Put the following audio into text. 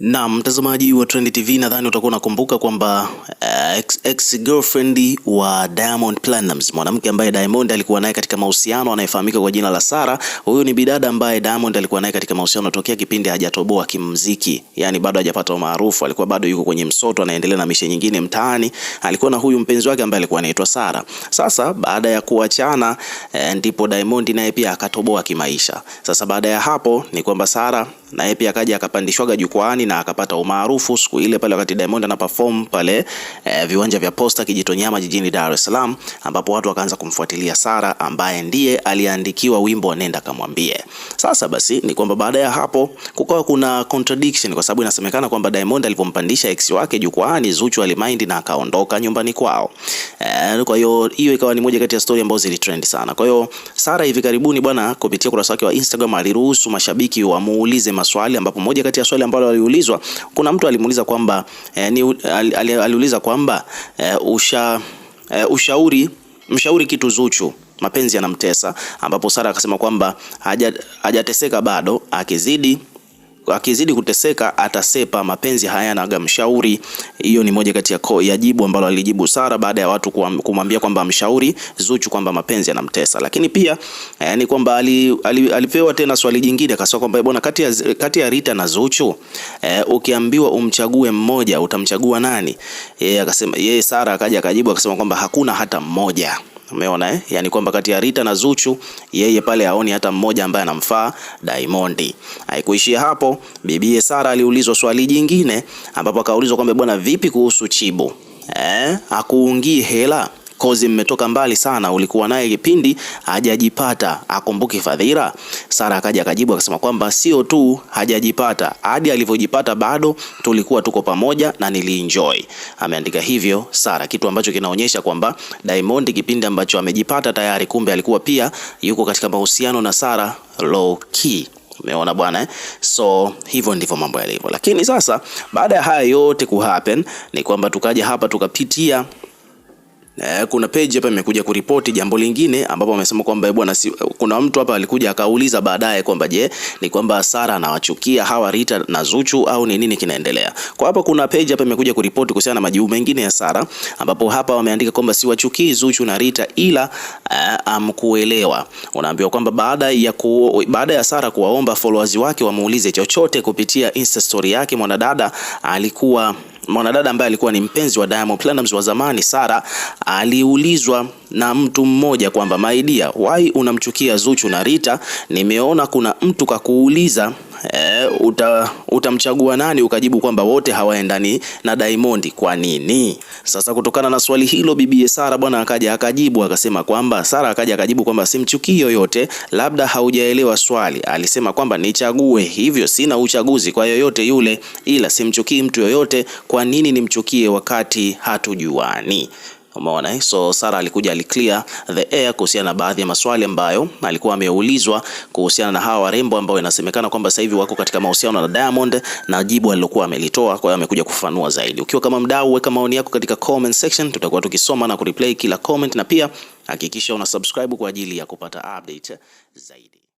Na mtazamaji wa Trend TV nadhani utakuwa unakumbuka kwamba eh, ex, ex girlfriend wa Diamond Platnumz, mwanamke ambaye Diamond alikuwa naye katika mahusiano anayefahamika kwa jina la Sara. Huyu ni bidada ambaye Diamond alikuwa naye katika mahusiano tokea kipindi hajatoboa kimziki, yani bado hajapata maarufu, alikuwa bado yuko kwenye msoto, anaendelea na mishe nyingine mtaani. Alikuwa na huyu mpenzi wake ambaye alikuwa anaitwa Sara. Sasa baada ya kuachana eh, ndipo Diamond naye pia akatoboa kimaisha. Sasa baada ya hapo ni kwamba Sara naye pia akaja akapandishwaga jukwaani na akapata umaarufu siku ile pale wakati Diamond ana perform pale e, eh, viwanja vya Posta Kijitonyama jijini Dar es Salaam, ambapo watu wakaanza kumfuatilia Sara ambaye ndiye aliandikiwa wimbo nenda kamwambie. Sasa basi ni kwamba baada ya hapo kukawa kuna contradiction, kwa sababu inasemekana kwamba Diamond alivyompandisha ex wake jukwaani, Zuchu alimind na akaondoka nyumbani kwao. Eh, kwa hiyo hiyo ikawa ni moja kati ya story ambazo zilitrend sana. Kwa hiyo Sara hivi karibuni bwana, kupitia kurasa wake wa Instagram aliruhusu mashabiki wamuulize maswali, ambapo moja kati ya swali ambalo aliulizwa kuna mtu alimuuliza kwamba eh, ni aliuliza kwamba kwamba eh, usha, eh, ushauri mshauri kitu Zuchu mapenzi yanamtesa, ambapo Sara akasema kwamba hajateseka haja bado akizidi akizidi kuteseka atasepa, mapenzi hayanaga mshauri. Hiyo ni moja kati ya, ya jibu ambalo alijibu Sara baada ya watu kumwambia kwamba mshauri Zuchu kwamba mapenzi yanamtesa, lakini pia eh, ni kwamba alipewa ali, tena swali jingine akasema kwamba bwana, kati ya, kati ya Rita na Zuchu eh, ukiambiwa umchague mmoja utamchagua nani? Yeye akasema yeye Sara akaja akajibu akasema kwamba hakuna hata mmoja. Umeona eh? Yani kwamba kati ya Rita na Zuchu yeye pale aoni hata mmoja ambaye anamfaa Diamond. Haikuishia hapo, bibiye Sara aliulizwa swali jingine ambapo akaulizwa kwamba bwana, vipi kuhusu chibu Eh, hela kozi mmetoka mbali sana, ulikuwa naye kipindi hajajipata, akumbuki fadhila. Sara akaja akajibu akasema kwamba sio tu hajajipata, hadi alivyojipata bado tulikuwa tuko pamoja na nilienjoy. Ameandika hivyo Sara, kitu ambacho kinaonyesha kwamba Diamond kipindi ambacho amejipata tayari, kumbe alikuwa pia yuko katika mahusiano na Sara low key. Umeona bwana eh? So hivyo ndivyo mambo yalivyo, lakini sasa baada ya haya yote kuhappen ni kwamba tukaja hapa tukapitia Eh, kuna page hapa imekuja kuripoti jambo lingine ambapo wamesema kwamba eh, bwana si, eh, kuna mtu hapa alikuja akauliza baadaye kwamba je, ni kwamba Sara anawachukia hawa Rita na Zuchu au ni nini kinaendelea? Kwa hapa kuna page hapa imekuja kuripoti kuhusiana na majibu mengine ya Sara ambapo hapa wameandika kwamba siwachukii Zuchu na Rita ila amkuelewa. unaambiwa kwamba baada ya ku, baada ya Sara kuwaomba followers wake wamuulize chochote kupitia Insta story yake mwanadada alikuwa mwanadada ambaye alikuwa ni mpenzi wa Diamond Platinumz wa zamani Sara, aliulizwa na mtu mmoja kwamba, my dear, why unamchukia Zuchu na Rita? Nimeona kuna mtu kakuuliza e, uta, utamchagua nani? Ukajibu kwamba wote hawaendani na Diamond. Kwa nini? Sasa kutokana na swali hilo bibi Sara bwana akaja akajibu akasema kwamba Sara akaja akajibu kwamba simchukii yoyote, labda haujaelewa swali. Alisema kwamba nichague, hivyo sina uchaguzi kwa yoyote yule, ila simchukii mtu yoyote. Kwa nini nimchukie wakati hatujuani? Umeona, eh? so Sara alikuja aliclear the air kuhusiana na baadhi ya maswali ambayo alikuwa ameulizwa kuhusiana na hawa warembo ambao inasemekana kwamba sasa hivi wako katika mahusiano na Diamond na jibu alilokuwa amelitoa. Kwa hiyo amekuja kufafanua zaidi. Ukiwa kama mdau, weka maoni yako katika comment section, tutakuwa tukisoma na kureplay kila comment, na pia hakikisha una subscribe kwa ajili ya kupata update zaidi.